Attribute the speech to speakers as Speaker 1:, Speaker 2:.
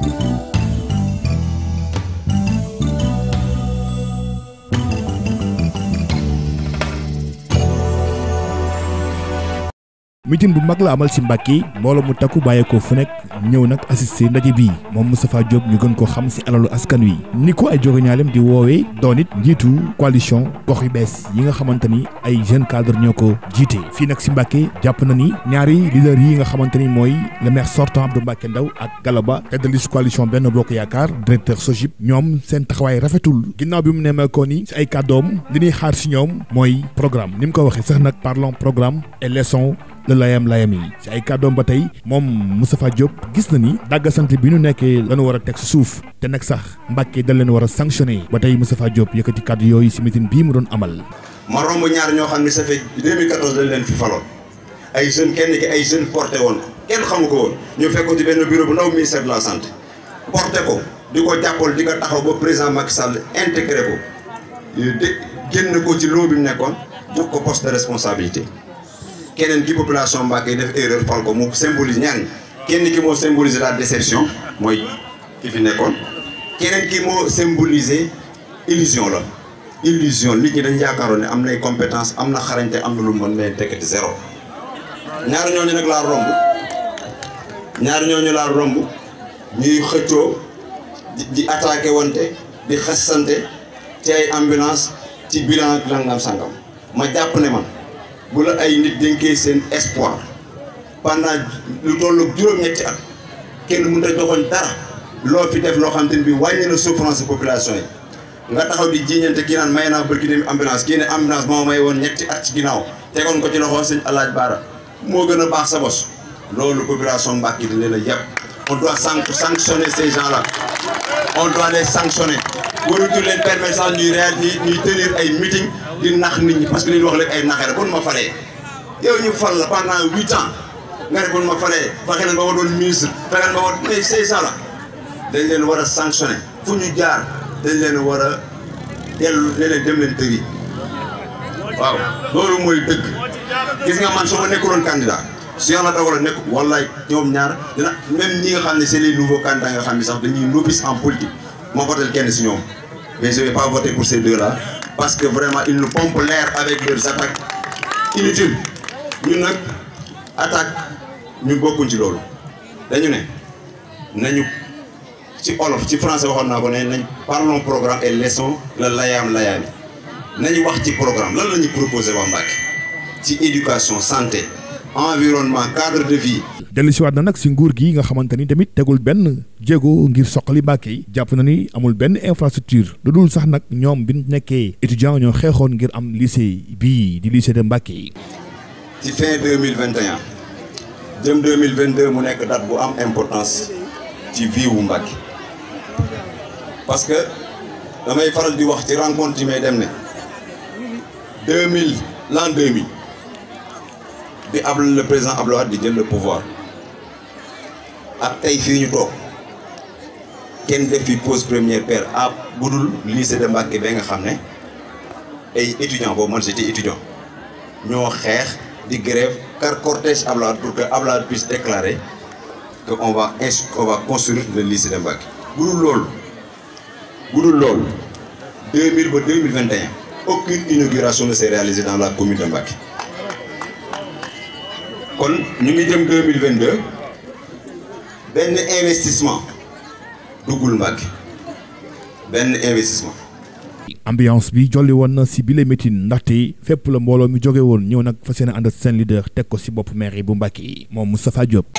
Speaker 1: thank you mitin bu mag la amal ci Mbàkke mboolo mu takku bàyyeekoo fu nekk ñëw nag assisté ndaje bii moom Moustapha Diop ñu gën ko xam ci alalu askan wi ni ko ay jogañaaleem di woowee doon it njiitu coalition gox yu bees yi nga xamante ni ay jeunes cadres ñoo ko jiite fii nag ci Mbàkke jàpp na ni ñaari leader yi nga xamante ni mooy le maire sortant Abdou Mbàkke Ndaw ak Galaba tête de liste coalition Benno Bokk Yaakaar directeur SOGIP ñoom seen taxawaay rafetul ginnaaw bi mu nemmeekoo ni ci ay kàddoom li ñuy xaar ci ñoom mooy programme ni mu ko waxee sax nag parlons programme et laissons la layam layam yi ci ay kàddoom ba tey moom Moustapha Diop gis na ni dàggasant bi ñu nekkee lañu war a teg si suuf te nag sax Mbàkke da leen war a sanctionné ba tey Moustapha Diop yëkkati kàddu yooyu si meeting bii mu doon amal.
Speaker 2: ma romb ñaar ñoo xam ne sa fait 2014 leen fi ay jeunes kenn ki ay jeunes porté woon ko kenn xamu ko woon ñu fekk ko benn bureau bu ndaw ministère de la santé porté ko di ko jàppal di ko taxaw ba président Macky intégré ko dé génn ko nekkoon jox keneen ki population Mbacké def erreur fal ko mu symbolise ñaar kenn ki moo symbolise la déception mooy ki fi nekkoon keneen ki moo symbolise illusion la illusion li ñi dañ yaakaaroon ne am nay compétence am na xarañte am na lu mën mais tekkati zéro ñaar ñooñu nag laa romb ñaar ñooñu laa romb ñuy xëccoo di attaqué wante di xassante ci ay ambulance ci bilan ak langam sangam ma jàpp ne man bu la ay nit dénkee seen espoir pendant lu tollu juróom-ñetti at kenn mun a joxoñ dara loo fi def loo xam te bi bii wàññi na souffrance population yi nga taxaw di jiiñante kii naan may naa bërki dem ambulance kii ne ambulance moo may woon ñetti at ci ginnaaw tegoon ko ci loxo sëñ Alaaji Baara moo gën a baax sa bos loolu population Mbàkke dañ leen a yàpp on doit sanctionner ces gens là on doit les sanctionner waratu leen permettre sax ñuy reer ñuy ñuy ay meeting di nax nit ñi parce que li ñu wax léegi ay naxare kon ma falee yow ñu fal la pendant huit ans nga ne bon ma falee fexe nañ ba ma doon ministre fexe nañ ba ma mais c'est ça la dañ leen war a sanctionner fu ñu jaar dañ leen war a dellu ne leen dem leen tëri waaw loolu mooy dëgg gis nga man soo ma nekkuloon candidat su yàlla dogal a nekk wallaay ñoom ñaar dina même ñi nga xam ne c'est les nouveaux candidats nga xam ne sax dañuy novice en politique moo votel kenn si ñoom mais je vais pas voter pour ces deux là parce que vraiment ils nous pompent l'air avec des attaques inutiles ñun nag attaque ñu bokkuñ ci loolu dañu ne nañu ci olof ci français waxoon naa ko ne nañ parlons programme et laissons la layaam layaami nañu wax ci programme lan la ñu proposé waa Mbacké ci éducation santé environnement cadre de vie
Speaker 1: dellu siwaat na nag si nguur gi nga xamante ni tamit tegul benn jéego ngir soqali Mbàkke yi jàpp na ni amul benn infrastructure lu dul sax nag ñoom bi ñu nekkee étudiant ñoo xeexoon ngir am lycée bii di lycée de Mbàkke yi
Speaker 2: ci fin 2021 jëm 2022 mu nekk date bu am importance ci vie wu Mbàkke parce que damay faral di wax ci rencontre yi may dem ne 2000 l'an 2000 bi ab le président di jël le pouvoir ak tey fii ñu toog kenn def fi pose première pierre à ah, budul lycée de Mbacké ba nga xam ne ay étudiants boobu man j'étais étudiant ñoo xeex di grève car cortège Ablaye pour que Ablaye puisse déclarer que on va on va construire le lycée de Mbacké. budul loolu budul loolu deux mille ba deux mille vingt et un aucune inauguration ne s'est réalisée dans la commune de Mbacké kon ñu ngi jëm deux mille vingt deux. benn investissement duggul
Speaker 1: bi jolli woon na ci bile meeting ndaxte fépp la mbooloo mi jóge woon ñëw nag fas yéene ànd ak leader teg ko ci bopp mairie bu Mbàkke moom mustafaa Diop.